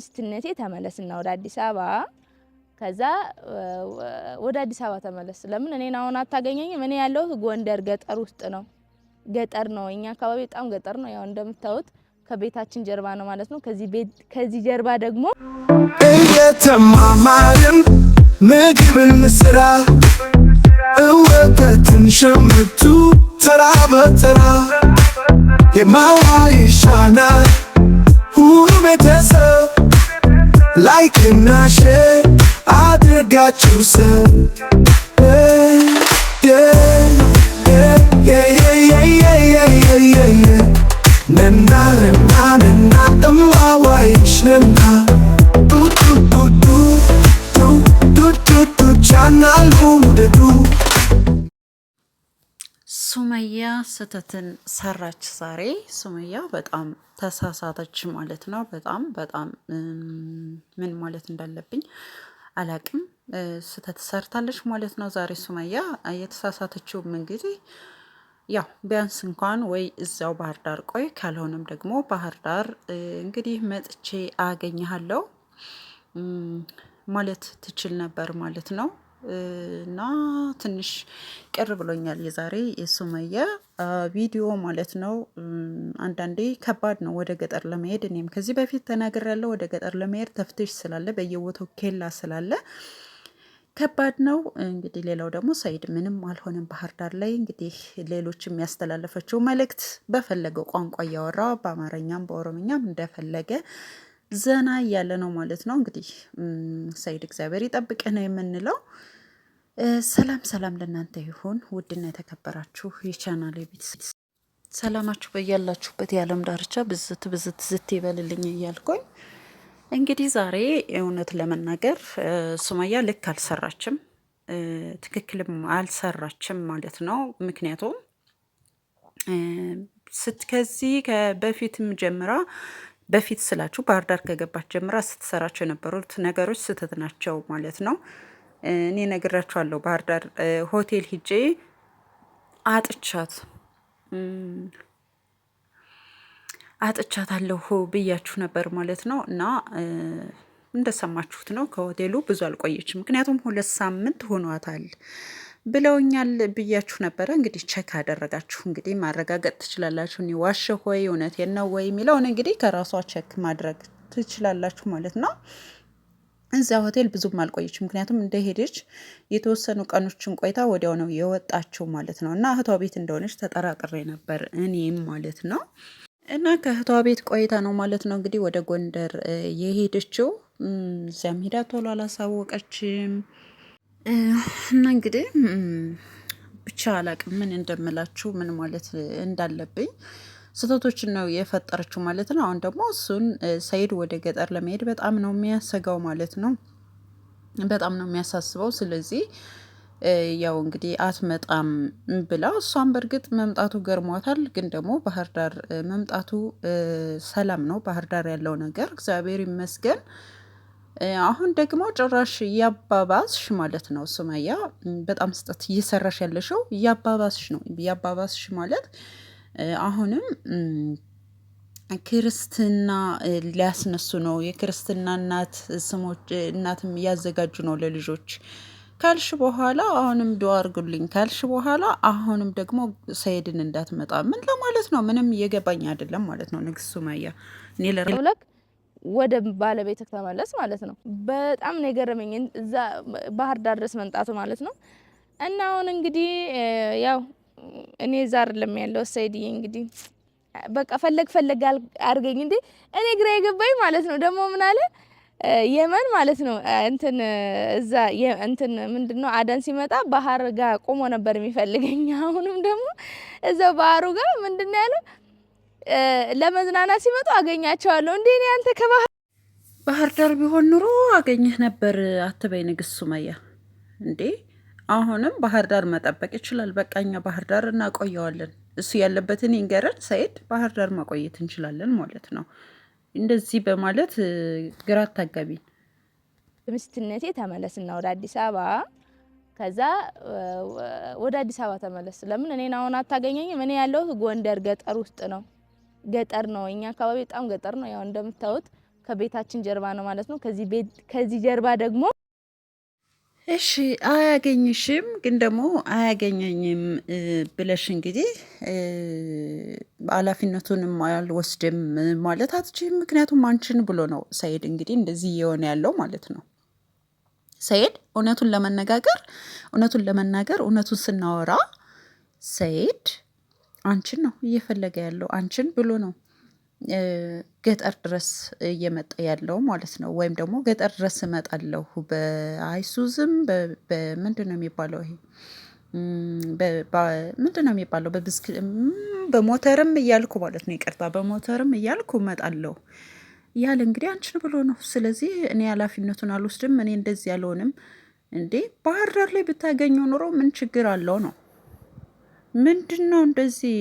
በሚስትነቴ ተመለስና ወደ አዲስ አበባ ከዛ ወደ አዲስ አበባ ተመለስ። ለምን እኔን አሁን አታገኘኝም? እኔ ያለሁት ጎንደር ገጠር ውስጥ ነው። ገጠር ነው፣ እኛ አካባቢ በጣም ገጠር ነው። ያው እንደምታዩት ከቤታችን ጀርባ ነው ማለት ነው። ከዚህ ቤት ከዚህ ጀርባ ደግሞ እየተማማርን ምግብን ስራ እወተትን ሸምቱ ተራ በተራ የማዋ ይሻናል ሁሉ ቤተሰብ ላይክና ሼር አድርጋችሁ ሱመያ ስህተትን ሰራች። ዛሬ ሱመያ በጣም ተሳሳተች ማለት ነው። በጣም በጣም ምን ማለት እንዳለብኝ አላቅም። ስህተት ሰርታለች ማለት ነው። ዛሬ ሱመያ የተሳሳተችውም እንግዲህ ያው ቢያንስ እንኳን ወይ እዛው ባህር ዳር ቆይ፣ ካልሆነም ደግሞ ባህር ዳር እንግዲህ መጥቼ አገኘሃለው ማለት ትችል ነበር ማለት ነው። እና ትንሽ ቅር ብሎኛል የዛሬ የሱመያ ቪዲዮ ማለት ነው። አንዳንዴ ከባድ ነው ወደ ገጠር ለመሄድ። እኔም ከዚህ በፊት ተናግሬያለሁ። ወደ ገጠር ለመሄድ ተፍትሽ ስላለ በየቦታው ኬላ ስላለ ከባድ ነው። እንግዲህ ሌላው ደግሞ ሳይድ ምንም አልሆነም። ባህር ዳር ላይ እንግዲህ ሌሎች የሚያስተላለፈችው መልእክት በፈለገው ቋንቋ እያወራ በአማርኛም በኦሮምኛም እንደፈለገ ዘና እያለ ነው ማለት ነው። እንግዲህ ሳይድ እግዚአብሔር ይጠብቅህ ነው የምንለው። ሰላም ሰላም ለእናንተ ይሁን ውድና የተከበራችሁ የቻናል ቤት ሰላማችሁ በያላችሁበት የዓለም ዳርቻ ብዝት ብዝት ዝት ይበልልኝ እያልኩኝ እንግዲህ ዛሬ እውነት ለመናገር ሱመያ ልክ አልሰራችም፣ ትክክልም አልሰራችም ማለት ነው። ምክንያቱም ከዚህ በፊትም ጀምራ በፊት ስላችሁ ባህር ዳር ከገባች ጀምራ ስትሰራቸው የነበሩት ነገሮች ስህተት ናቸው ማለት ነው። እኔ ነግራችኋለሁ። ባህር ዳር ሆቴል ሂጄ አጥቻት አለሁ ብያችሁ ነበር ማለት ነው። እና እንደሰማችሁት ነው ከሆቴሉ ብዙ አልቆየችም ምክንያቱም ሁለት ሳምንት ሆኗታል ብለውኛል ብያችሁ ነበረ። እንግዲህ ቸክ አደረጋችሁ እንግዲህ ማረጋገጥ ትችላላችሁ። እኔ ሆይ እውነቴን ነው ወይ የሚለውን እንግዲህ ከራሷ ቸክ ማድረግ ትችላላችሁ ማለት ነው። እዛ ሆቴል ብዙም አልቆየች። ምክንያቱም እንደሄደች የተወሰኑ ቀኖችን ቆይታ ወዲያው ነው የወጣችው ማለት ነው። እና እህቷ ቤት እንደሆነች ተጠራጥሬ ነበር እኔም ማለት ነው። እና ከእህቷ ቤት ቆይታ ነው ማለት ነው እንግዲህ ወደ ጎንደር የሄደችው። እዚያም ሄዳ ቶሎ አላሳወቀችም። እና እንግዲህ ብቻ አላቅም ምን እንደምላችሁ ምን ማለት እንዳለብኝ ስህተቶችን ነው የፈጠረችው ማለት ነው። አሁን ደግሞ እሱን ሰይድ ወደ ገጠር ለመሄድ በጣም ነው የሚያሰጋው ማለት ነው። በጣም ነው የሚያሳስበው። ስለዚህ ያው እንግዲህ አትመጣም ብላ እሷም በእርግጥ መምጣቱ ገርሟታል። ግን ደግሞ ባህር ዳር መምጣቱ ሰላም ነው ባህር ዳር ያለው ነገር እግዚአብሔር ይመስገን። አሁን ደግሞ ጭራሽ እያባባስሽ ማለት ነው ሱመያ፣ በጣም ስጠት እየሰራሽ ያለሽው እያባባስሽ ነው። እያባባስሽ ማለት አሁንም ክርስትና ሊያስነሱ ነው። የክርስትና እናት ስሞች እናትም እያዘጋጁ ነው ለልጆች ካልሽ በኋላ አሁንም ዱዓ አድርጉልኝ ካልሽ በኋላ አሁንም ደግሞ ሰይድን እንዳትመጣ ምን ለማለት ነው? ምንም እየገባኝ አይደለም ማለት ነው። ንግስት ሱመያ ለክ ወደ ባለቤት ተመለስ ማለት ነው። በጣም ነው የገረመኝ እዛ ባህር ዳር ድረስ መምጣቱ ማለት ነው። እና አሁን እንግዲህ ያው እኔ እዛ አይደለም ያለው ሰይድዬ እንግዲህ በቃ ፈለግ ፈለግ አድርገኝ እንዴ እኔ ግራ የገባኝ ማለት ነው። ደግሞ ምን አለ የመን ማለት ነው እንትን እዛ እንትን ምንድን ነው አደን ሲመጣ ባህር ጋር ቆሞ ነበር የሚፈልገኝ። አሁንም ደግሞ እዛ ባህሩ ጋር ምንድን ነው ያለው ለመዝናናት ሲመጡ አገኛቸዋለሁ እንዴ እኔ አንተ ከባህር ባህር ዳር ቢሆን ኑሮ አገኘህ ነበር አትበይ ንግስት ሱመያ እንዴ አሁንም ባህር ዳር መጠበቅ ይችላል። በቃ እኛ ባህር ዳር እናቆየዋለን። እሱ ያለበትን ይንገረን። ሰኢድ ባህር ዳር ማቆየት እንችላለን ማለት ነው። እንደዚህ በማለት ግራ አታጋቢን። በምስትነቴ ተመለስና ወደ አዲስ አበባ ከዛ ወደ አዲስ አበባ ተመለስ። ለምን እኔን አሁን አታገኘኝም? እኔ ያለሁት ጎንደር ገጠር ውስጥ ነው። ገጠር ነው፣ እኛ አካባቢ በጣም ገጠር ነው። ያው እንደምታዩት ከቤታችን ጀርባ ነው ማለት ነው። ከዚህ ጀርባ ደግሞ እሺ አያገኝሽም ግን ደግሞ አያገኘኝም ብለሽ እንግዲህ ሀላፊነቱንም አልወስድም ማለት አትችይም። ምክንያቱም አንቺን ብሎ ነው ሰይድ እንግዲህ እንደዚህ እየሆነ ያለው ማለት ነው። ሰይድ እውነቱን ለመነጋገር እውነቱን ለመናገር እውነቱን ስናወራ ሰይድ አንቺን ነው እየፈለገ ያለው አንቺን ብሎ ነው። ገጠር ድረስ እየመጣ ያለው ማለት ነው። ወይም ደግሞ ገጠር ድረስ እመጣለሁ በአይሱዝም ነው የሚባለው ይሄ ምንድነው የሚባለው በብስክ በሞተርም እያልኩ ማለት ነው። ይቅርታ በሞተርም እያልኩ እመጣለሁ ያለ እንግዲህ አንቺን ብሎ ነው። ስለዚህ እኔ ኃላፊነቱን አልወስድም እኔ እንደዚህ አልሆንም። እንዴ ባህር ዳር ላይ ብታገኘው ኑሮ ምን ችግር አለው ነው? ምንድን ነው እንደዚህ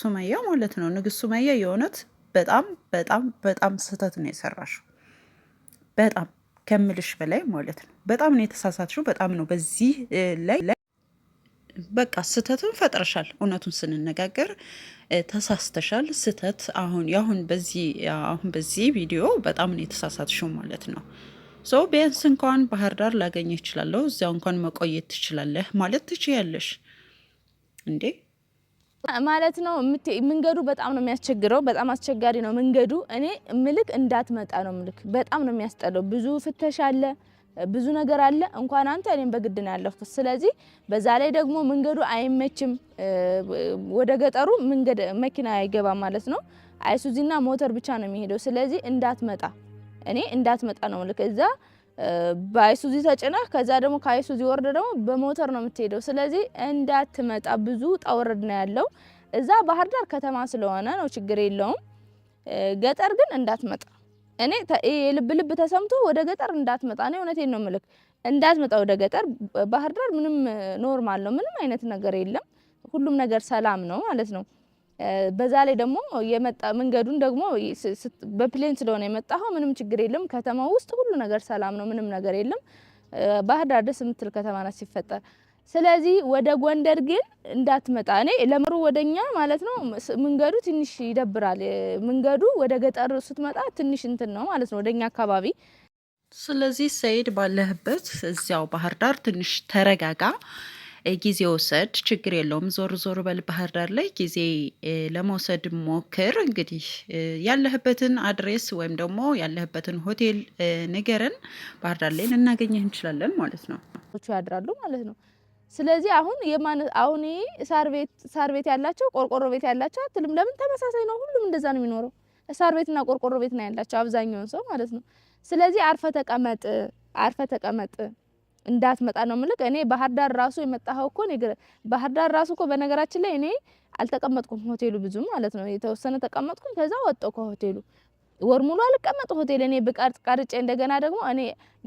ሱመያ ማለት ነው ንግስት ሱመያ የእውነት በጣም በጣም በጣም ስህተት ነው የሰራሽው። በጣም ከምልሽ በላይ ማለት ነው። በጣም ነው የተሳሳትሽው። በጣም ነው በዚህ ላይ በቃ ስህተትን ፈጥረሻል። እውነቱን ስንነጋገር ተሳስተሻል። ስህተት አሁን ያሁን በዚህ አሁን በዚህ ቪዲዮ በጣም ነው የተሳሳትሽው ማለት ነው። ሶ ቢያንስ እንኳን ባህር ዳር ላገኘ ይችላለሁ፣ እዚያው እንኳን መቆየት ትችላለህ ማለት ትችያለሽ እንዴ ማለት ነው። መንገዱ በጣም ነው የሚያስቸግረው። በጣም አስቸጋሪ ነው መንገዱ። እኔ ምልክ እንዳትመጣ ነው ምልክ። በጣም ነው የሚያስጠላው። ብዙ ፍተሻ አለ፣ ብዙ ነገር አለ። እንኳን አንተ እኔም በግድ ነው ስለዚህ በዛ ላይ ደግሞ መንገዱ አይመችም። ወደ ገጠሩ መንገድ መኪና አይገባም ማለት ነው። አይሱዚና ሞተር ብቻ ነው የሚሄደው። ስለዚህ እንዳትመጣ እኔ እንዳትመጣ ነው ምልክ እዛ በአይሱዚ ተጭነህ ከዛ ደግሞ ከአይሱዚ ወርደ ደግሞ በሞተር ነው የምትሄደው። ስለዚህ እንዳትመጣ ብዙ ጣውረድ ነው ያለው። እዛ ባህር ዳር ከተማ ስለሆነ ነው ችግር የለውም። ገጠር ግን እንዳትመጣ እኔ የልብ ልብ ተሰምቶ ወደ ገጠር እንዳትመጣ ነው። እውነቴን ነው ምልክ እንዳትመጣ ወደ ገጠር። ባህር ዳር ምንም ኖርማል ነው፣ ምንም አይነት ነገር የለም። ሁሉም ነገር ሰላም ነው ማለት ነው። በዛ ላይ ደግሞ የመጣ መንገዱን ደግሞ በፕሌን ስለሆነ የመጣኸው ምንም ችግር የለም። ከተማው ውስጥ ሁሉ ነገር ሰላም ነው፣ ምንም ነገር የለም። ባህር ዳር ደስ የምትል ከተማ ናት ሲፈጠር። ስለዚህ ወደ ጎንደር ግን እንዳትመጣ። እኔ ለምሩ ወደኛ ማለት ነው መንገዱ ትንሽ ይደብራል። መንገዱ ወደ ገጠር ስትመጣ ትንሽ እንትን ነው ማለት ነው ወደኛ አካባቢ። ስለዚህ ሰይድ ባለህበት እዚያው ባህር ዳር ትንሽ ተረጋጋ። ጊዜ ውሰድ፣ ችግር የለውም። ዞር ዞር በል ባህር ዳር ላይ ጊዜ ለመውሰድ ሞክር። እንግዲህ ያለህበትን አድሬስ ወይም ደግሞ ያለህበትን ሆቴል ንገረን፣ ባህር ዳር ላይ ልናገኘህ እንችላለን ማለት ነው። ያድራሉ ማለት ነው። ስለዚህ አሁን የማን አሁን ሳር ቤት ያላቸው ቆርቆሮ ቤት ያላቸው አትልም። ለምን ተመሳሳይ ነው፣ ሁሉም እንደዛ ነው የሚኖረው። ሳር ቤትና ቆርቆሮ ቤት ነው ያላቸው አብዛኛውን ሰው ማለት ነው። ስለዚህ አርፈ ተቀመጥ፣ አርፈ ተቀመጥ እንዳትመጣ ነው ምልክ። እኔ ባህር ዳር ራሱ የመጣኸው እኮ ባህር ዳር ራሱ እኮ በነገራችን ላይ እኔ አልተቀመጥኩም ሆቴሉ ብዙ ማለት ነው። የተወሰነ ተቀመጥኩም ከዛ ወጣሁ ከሆቴሉ። ወር ሙሉ አልቀመጥ ሆቴል እኔ ብቀርጽ ቀርጬ እንደገና ደግሞ እኔ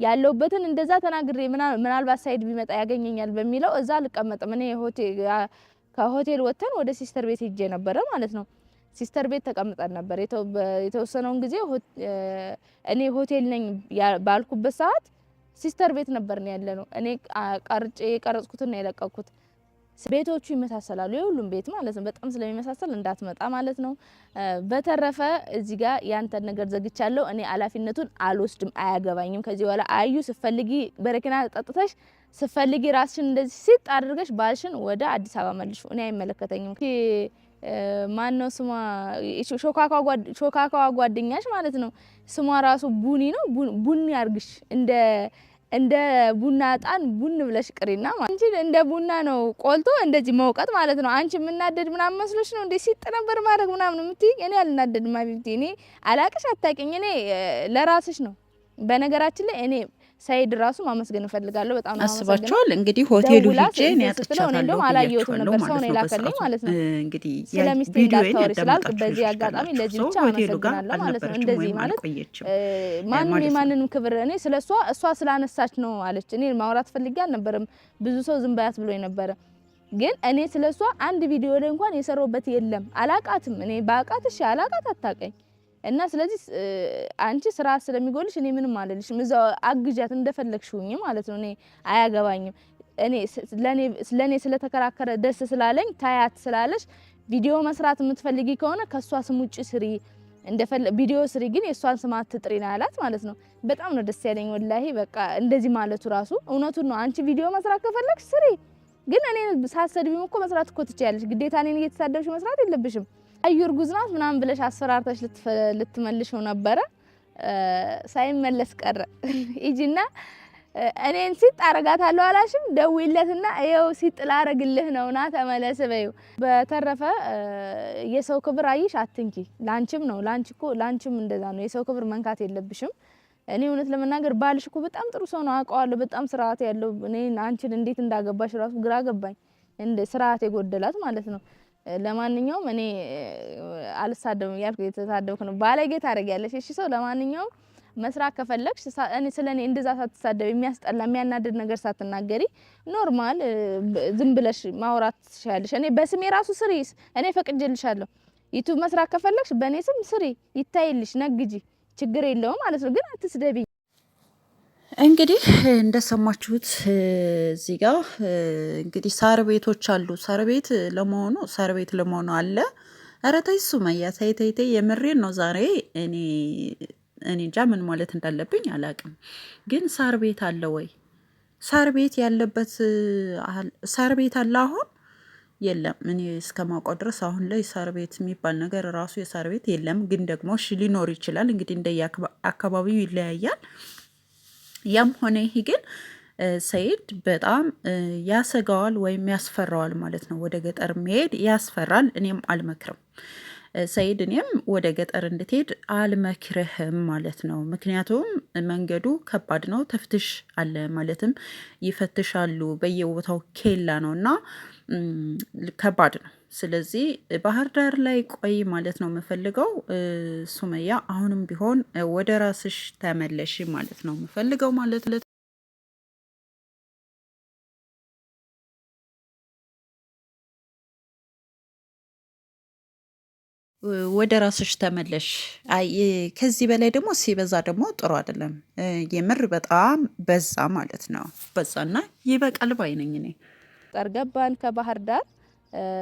ያለሁበትን እንደዛ ተናግሬ ምናልባት ሳይድ ቢመጣ ያገኘኛል በሚለው እዛ አልቀመጥም እኔ ከሆቴል ወጥተን ወደ ሲስተር ቤት ሄጄ ነበረ ማለት ነው። ሲስተር ቤት ተቀምጠን ነበር የተወሰነውን ጊዜ እኔ ሆቴል ነኝ ባልኩበት ሰዓት ሲስተር ቤት ነበር ነው ያለ ነው። እኔ ቀርጬ የቀረጽኩትና የለቀኩት ቤቶቹ ይመሳሰላሉ። የሁሉም ቤት ማለት ነው። በጣም ስለሚመሳሰል እንዳትመጣ ማለት ነው። በተረፈ እዚህ ጋር ያንተን ነገር ዘግቻለሁ። እኔ ኃላፊነቱን አልወስድም፣ አያገባኝም። ከዚህ በኋላ አዩ ስፈልጊ በረኪና ጠጥተሽ ስፈልጊ ራስሽን እንደዚህ ሲጥ አድርገሽ ባልሽን ወደ አዲስ አበባ መልሽ። እኔ አይመለከተኝም። ማን ነው ስሟ? ሾካካዋ ጓደኛሽ ማለት ነው። ስሟ ራሱ ቡኒ ነው። ቡኒ አርግሽ እንደ እንደ ቡና እጣን ቡን ብለሽ ቅሪና ማለት አንቺ እንደ ቡና ነው ቆልቶ እንደዚህ መውቀጥ ማለት ነው። አንቺ የምናደድ ምናምን መስሎሽ ነው እንዴ? ሲጥ ነበር ማድረግ ምናምን የምትይኝ። እኔ አልናደድም። ሀቢብቲ እኔ አላቅሽ አታውቂኝ። እኔ ለራስሽ ነው። በነገራችን ላይ እኔ ሰይድ ራሱ ማመስገን እንፈልጋለሁ። በጣም አስባቸዋል። እንግዲህ ሆቴሉ ሄጄ ነው ያጥቻታለሁ አላየሁትም ነበር ሰው ነው የላከልኝ ማለት ነው። እንግዲህ ስለ ሚስቴ እንዳታወሪ ስላልክ በዚህ አጋጣሚ ለዚህ ብቻ አመሰግናለሁ ማለት ነው። እንደዚህ ማለት ማንም የማንንም ክብር እኔ ስለ እሷ እሷ ስላነሳች ነው አለች። እኔ ማውራት ፈልጌ አልነበረም። ብዙ ሰው ዝም ባያት ብሎ ነበረ ግን እኔ ስለ እሷ አንድ ቪዲዮ ላይ እንኳን የሰራሁበት የለም። አላቃትም። እኔ በአቃት እሺ አላቃት አታቀኝ እና ስለዚህ አንቺ ስራ ስለሚጎልሽ እኔ ምንም አልልሽም። እዛው አግዣት እንደፈለግሽ ማለት ነው። እኔ አያገባኝም። እኔ ለእኔ ስለተከራከረ ደስ ስላለኝ ታያት ስላለሽ ቪዲዮ መስራት የምትፈልጊ ከሆነ ከእሷ ስም ውጭ ስሪ ቪዲዮ ስሪ፣ ግን የእሷን ስም አትጥሪ ነው ያላት ማለት ነው። በጣም ነው ደስ ያለኝ ወላሂ። በቃ እንደዚህ ማለቱ ራሱ እውነቱን ነው። አንቺ ቪዲዮ መስራት ከፈለግሽ ስሪ፣ ግን እኔ ሳሰድቢም እኮ መስራት እኮ ትችያለሽ። ግዴታ እኔን እየተሳደብሽ መስራት የለብሽም። አዩ እርጉዝ ናት ምናምን ብለሽ አስፈራርተሽ ልትመልሽው ነበረ። ሳይመለስ ቀረ። ሂጂና እኔን ሲጥ አረጋታለሁ አላሽም። ደውይለትና ይኸው ሲጥ ላረግልህ ነው ና ተመለስ በይው። በተረፈ የሰው ክብር አይሽ አትንኪ። ላንቺም ነው ላንቺ እኮ ላንቺም እንደዛ ነው። የሰው ክብር መንካት የለብሽም። እኔ እውነት ለመናገር ባልሽ እኮ በጣም ጥሩ ሰው ነው፣ አውቀዋለሁ። በጣም ስርዓት ያለው እኔ አንቺን እንዴት እንዳገባሽ ራሱ ግራ ገባኝ። እንደ ስርዓት የጎደላት ማለት ነው ለማንኛውም እኔ አልሳደብም ያልኩ የተሳደብኩ ነው። ባለጌ ታደርጊያለሽ። እሺ ሰው ለማንኛውም መስራት ከፈለግሽ እኔ ስለ እኔ እንደዛ ሳትሳደብ የሚያስጠላ የሚያናድድ ነገር ሳትናገሪ ኖርማል ዝም ብለሽ ማውራት ትችያለሽ። እኔ በስሜ ራሱ ስሪ፣ እኔ ፈቅጄልሻለሁ። ዩቱብ መስራት ከፈለግሽ በእኔ ስም ስሪ፣ ይታይልሽ፣ ነግጂ፣ ችግር የለውም ማለት ነው። ግን አትስደቢኝ። እንግዲህ እንደሰማችሁት እዚህ ጋ እንግዲህ ሳር ቤቶች አሉ። ሳር ቤት ለመሆኑ ሳር ቤት ለመሆኑ አለ። ኧረ ተይ ሱመያ ተይ ተይ ተይ፣ የምሬን ነው። ዛሬ እኔ እኔ እንጃ ምን ማለት እንዳለብኝ አላቅም ግን ሳር ቤት አለ ወይ? ሳር ቤት ያለበት ሳር ቤት አለ አሁን የለም። እኔ እስከማውቀው ድረስ አሁን ላይ ሳር ቤት የሚባል ነገር ራሱ የሳር ቤት የለም። ግን ደግሞ ሊኖር ይችላል እንግዲህ እንደየ አካባቢው ይለያያል። ያም ሆነ ይሄ ግን ሰይድ በጣም ያሰጋዋል ወይም ያስፈራዋል ማለት ነው። ወደ ገጠር መሄድ ያስፈራል። እኔም አልመክርም። ሰኢድ እኔም ወደ ገጠር እንድትሄድ አልመክርህም ማለት ነው። ምክንያቱም መንገዱ ከባድ ነው፣ ተፍትሽ አለ ማለትም ይፈትሻሉ፣ በየቦታው ኬላ ነው እና ከባድ ነው። ስለዚህ ባህር ዳር ላይ ቆይ ማለት ነው የምፈልገው። ሱመያ አሁንም ቢሆን ወደ ራስሽ ተመለሽ ማለት ነው የምፈልገው ማለት ወደ ራስሽ ተመለሽ። ከዚህ በላይ ደግሞ ሲበዛ ደግሞ ጥሩ አይደለም። የምር በጣም በዛ ማለት ነው። በዛና ይበቃል ባይ ነኝ እኔ። ጠርገባን ከባህር ዳር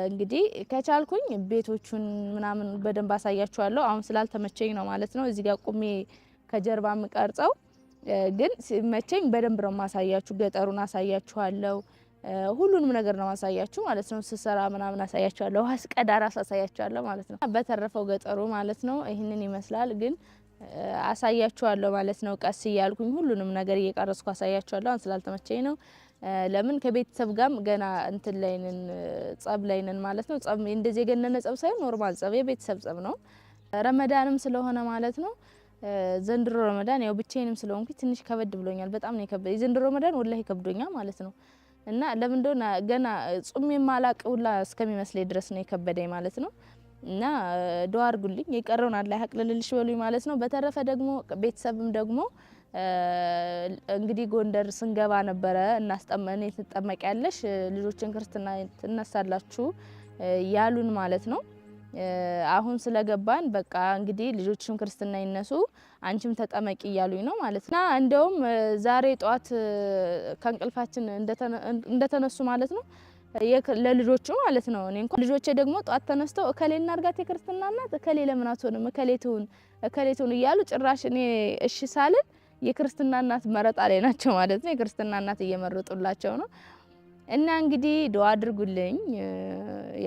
እንግዲህ ከቻልኩኝ ቤቶቹን ምናምን በደንብ አሳያችኋለሁ። አሁን ስላልተመቸኝ ነው ማለት ነው። እዚህ ጋር ቁሜ ከጀርባ የምቀርጸው ግን መቼኝ በደንብ ነው ማሳያችሁ። ገጠሩን አሳያችኋለሁ። ሁሉንም ነገር ነው ማሳያችሁ ማለት ነው። ስሰራ ምናምን አሳያችኋለሁ። ውሃ ስቀዳ ራስ አሳያችኋለሁ ማለት ነው። በተረፈው ገጠሩ ማለት ነው ይህንን ይመስላል ግን አሳያችኋለሁ ማለት ነው። ቀስ እያልኩኝ ሁሉንም ነገር እየቀረስኩ አሳያችኋለሁ። አሁን ስላልተመቸኝ ነው። ለምን ከቤተሰብ ጋም ገና እንትን ላይንን ጸብ ላይንን ማለት ነው። ጸብ እንደዚህ የገነነ ጸብ ሳይሆን ኖርማል ጸብ፣ የቤተሰብ ጸብ ነው። ረመዳንም ስለሆነ ማለት ነው ዘንድሮ ረመዳን ያው ብቻዬንም ስለሆንኩኝ ትንሽ ከበድ ብሎኛል። በጣም ነው የከበደ የዘንድሮ ረመዳን ወላሂ ከብዶኛል ማለት ነው። እና ለምን እንደሆነ ገና ጹሜ ማላቅ ሁላ እስከሚመስለኝ ድረስ ነው የከበደኝ ማለት ነው። እና ዱአ አድርጉልኝ የቀረውን አላህ ያቅልልልሽ በሉኝ ማለት ነው። በተረፈ ደግሞ ቤተሰብም ደግሞ እንግዲህ ጎንደር ስንገባ ነበረ እናስጠመን ትጠመቂያለሽ፣ ልጆችን ክርስትና ትነሳላችሁ ያሉን ማለት ነው። አሁን ስለገባን በቃ እንግዲህ ልጆችም ክርስትና ይነሱ አንቺም ተጠመቂ እያሉኝ ነው ማለት ነው። እንደውም ዛሬ ጠዋት ከእንቅልፋችን እንደተነሱ ማለት ነው ለልጆቹ ማለት ነው። እኔ እንኳን ልጆቼ ደግሞ ጠዋት ተነስተው እከሌ እናርጋት የክርስትና እናት እከሌ ለምን አትሆንም እከሌ ትሁን እከሌ ትሁን እያሉ ጭራሽ እኔ እሺ ሳልን የክርስትና እናት መረጣ ላይ ናቸው ማለት ነው። የክርስትና እናት እየመረጡላቸው ነው። እና እንግዲህ ዱአ አድርጉልኝ።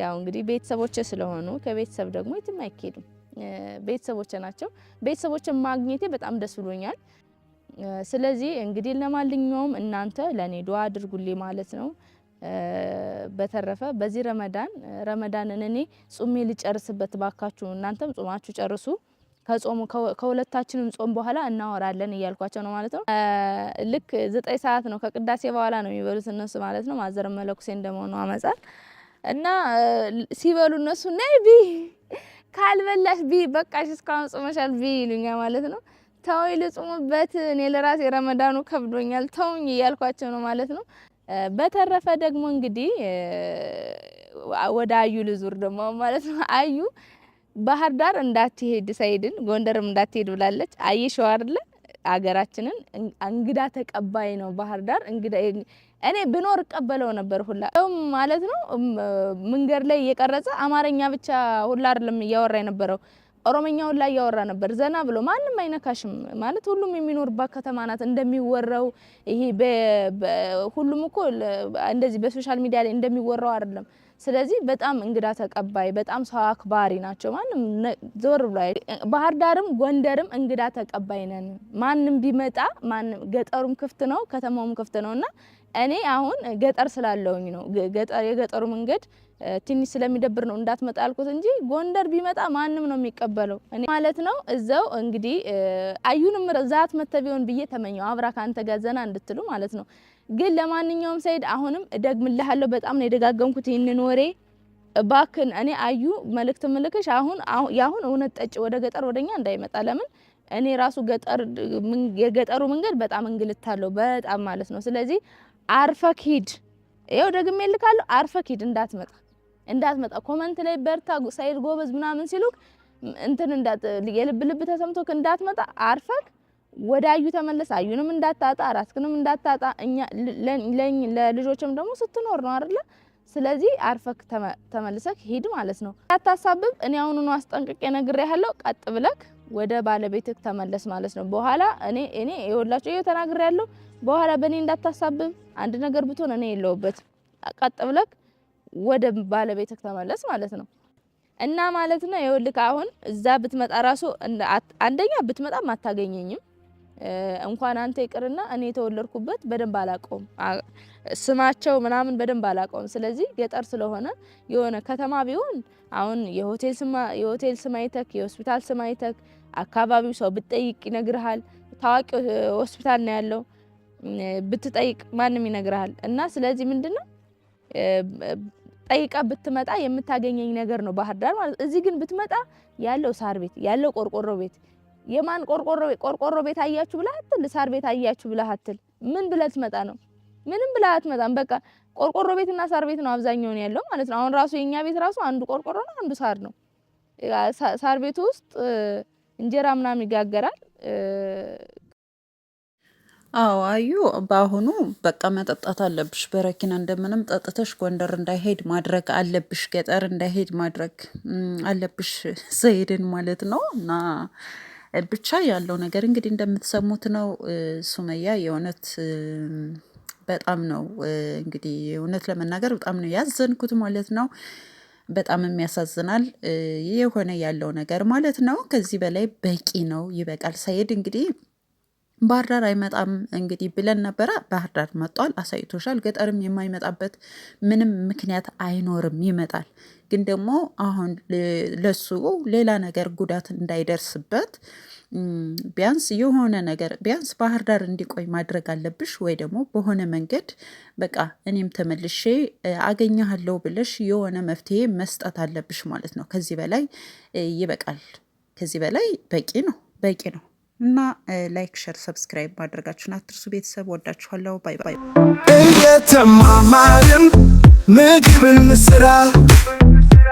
ያው እንግዲህ ቤተሰቦች ስለሆኑ ከቤተሰብ ደግሞ የትም አይኬድም፣ ቤተሰቦች ናቸው። ቤተሰቦችን ማግኘቴ በጣም ደስ ብሎኛል። ስለዚህ እንግዲህ ለማንኛውም እናንተ ለእኔ ዱአ አድርጉልኝ ማለት ነው። በተረፈ በዚህ ረመዳን ረመዳንን እኔ ጾሜ ልጨርስበት፣ ባካችሁ እናንተም ጾማችሁ ጨርሱ። ከጾሙ ከሁለታችንም ጾም በኋላ እናወራለን እያልኳቸው ነው ማለት ነው። ልክ ዘጠኝ ሰዓት ነው ከቅዳሴ በኋላ ነው የሚበሉት እነሱ ማለት ነው። ማዘር መለኩሴ እንደመሆኑ አመጻል እና ሲበሉ እነሱ ነይ ቢ ካልበላሽ ቢ በቃሽ እስካሁን ጾመሻል ቢ ይሉኛ ማለት ነው። ተወይ ልጹሙበት፣ እኔ ለራሴ ረመዳኑ ከብዶኛል ተውኝ እያልኳቸው ነው ማለት ነው። በተረፈ ደግሞ እንግዲህ ወደ አዩ ልዙር ደግሞ ማለት ነው አዩ ባህር ዳር እንዳትሄድ ሰይድን ጎንደርም እንዳትሄድ ብላለች። አየሽው አይደለ? አገራችንን እንግዳ ተቀባይ ነው ባህር ዳር። እንግዳ እኔ ብኖር እቀበለው ነበር ሁላ ማለት ነው። መንገድ ላይ እየቀረጸ አማርኛ ብቻ ሁላ አይደለም እያወራ የነበረው ኦሮመኛ ሁላ እያወራ ነበር። ዘና ብሎ ማንም አይነካሽም ማለት ሁሉም የሚኖርባት ከተማ ናት እንደሚወራው። ይሄ ሁሉም እኮ እንደዚህ በሶሻል ሚዲያ ላይ እንደሚወራው አይደለም። ስለዚህ በጣም እንግዳ ተቀባይ፣ በጣም ሰው አክባሪ ናቸው። ማንም ዞር ብሎ ባህር ዳርም ጎንደርም እንግዳ ተቀባይ ነን። ማንም ቢመጣ ማንም ገጠሩም ክፍት ነው፣ ከተማውም ክፍት ነው እና እኔ አሁን ገጠር ስላለውኝ ነው የገጠሩ መንገድ ትንሽ ስለሚደብር ነው እንዳትመጣ ያልኩት እንጂ ጎንደር ቢመጣ ማንም ነው የሚቀበለው ማለት ነው። እዛው እንግዲህ አዩንም ዛት መተቢውን ብዬ ተመኘው አብራ ከአንተ ጋር ዘና እንድትሉ ማለት ነው። ግን ለማንኛውም ሰይድ አሁንም እደግምልሃለሁ፣ በጣም ነው የደጋገምኩት ይህንን ወሬ እባክን። እኔ አዩ መልእክት መልከሽ አሁን ያሁን እውነት ጠጭ ወደ ገጠር ወደኛ እንዳይመጣ። ለምን እኔ ራሱ ገጠር የገጠሩ መንገድ በጣም እንግልታለሁ፣ በጣም ማለት ነው። ስለዚህ አርፈክ ሂድ፣ ይኸው ደግሜ ልካለሁ። አርፈክ ሂድ፣ እንዳትመጣ እንዳትመጣ። ኮመንት ላይ በርታ ሰይድ ጎበዝ ምናምን ሲሉክ እንትን የልብ ልብ ተሰምቶክ እንዳትመጣ አርፈክ ወደ አዩ ተመለስ። አዩንም እንዳታጣ ራስክንም እንዳታጣ እኛ ለልጆችም ደግሞ ስትኖር ነው አይደለ? ስለዚህ አርፈክ ተመልሰክ ሂድ ማለት ነው። እንዳታሳብብ እኔ አሁኑኑ አስጠንቅቄ ነግሬሃለሁ። ቀጥ ብለክ ወደ ባለቤትክ ተመለስ ማለት ነው። በኋላ እኔ እኔ ይኸውላችሁ ይኸው ተናግሬያለሁ። በኋላ በእኔ እንዳታሳብብ አንድ ነገር ብትሆን እኔ የለውበት። ቀጥ ብለክ ወደ ባለቤትህ ተመለስ ማለት ነው። እና ማለት ነው ይኸውልህ አሁን እዛ ብትመጣ ራሱ አንደኛ ብትመጣም አታገኘኝም እንኳን አንተ ይቅርና እኔ የተወለድኩበት በደንብ አላውቀውም፣ ስማቸው ምናምን በደንብ አላውቀውም። ስለዚህ ገጠር ስለሆነ የሆነ ከተማ ቢሆን አሁን የሆቴል ስም አይተክ የሆስፒታል ስም አይተክ አካባቢው ሰው ብትጠይቅ ይነግርሃል። ታዋቂ ሆስፒታል ነው ያለው ብትጠይቅ ማንም ይነግርሃል። እና ስለዚህ ምንድነው ጠይቀ ብትመጣ የምታገኘኝ ነገር ነው ባህር ዳር ማለት። እዚህ ግን ብትመጣ ያለው ሳር ቤት ያለው ቆርቆሮ ቤት የማን ቆርቆሮ ቆርቆሮ ቤት አያችሁ ብለህ አትል፣ ሳር ቤት አያችሁ ብለህ አትል። ምን ብለህ ትመጣ ነው? ምንም ብለህ አትመጣም። በቃ ቆርቆሮ ቤትና ሳር ቤት ነው አብዛኛውን ያለው ማለት ነው። አሁን ራሱ የኛ ቤት ራሱ አንዱ ቆርቆሮ ነው፣ አንዱ ሳር ነው። ሳር ቤት ውስጥ እንጀራ ምናምን ይጋገራል። አዎ አዩ፣ በአሁኑ በቃ መጠጣት አለብሽ። በረኪና እንደምንም ጠጥተሽ ጎንደር እንዳይሄድ ማድረግ አለብሽ። ገጠር እንዳይሄድ ማድረግ አለብሽ፣ ሰኢድን ማለት ነው እና ብቻ ያለው ነገር እንግዲህ እንደምትሰሙት ነው። ሱመያ የእውነት በጣም ነው እንግዲህ እውነት ለመናገር በጣም ነው ያዘንኩት ማለት ነው። በጣምም ያሳዝናል የሆነ ያለው ነገር ማለት ነው። ከዚህ በላይ በቂ ነው፣ ይበቃል። ሰኢድ እንግዲህ ባህር ዳር አይመጣም እንግዲህ ብለን ነበረ። ባህር ዳር አሳይቶሻል። ገጠርም የማይመጣበት ምንም ምክንያት አይኖርም፣ ይመጣል። ግን ደግሞ አሁን ለሱ ሌላ ነገር ጉዳት እንዳይደርስበት ቢያንስ የሆነ ነገር ቢያንስ ባህር ዳር እንዲቆይ ማድረግ አለብሽ፣ ወይ ደግሞ በሆነ መንገድ በቃ እኔም ተመልሼ አገኘሃለሁ ብለሽ የሆነ መፍትሄ መስጠት አለብሽ ማለት ነው። ከዚህ በላይ ይበቃል። ከዚህ በላይ በቂ ነው፣ በቂ ነው። እና ላይክ፣ ሸር፣ ሰብስክራይብ ማድረጋችሁን አትርሱ። ቤተሰብ ወዳችኋለሁ። ባይ ባይ። እየተማማርን ምግብን ስራ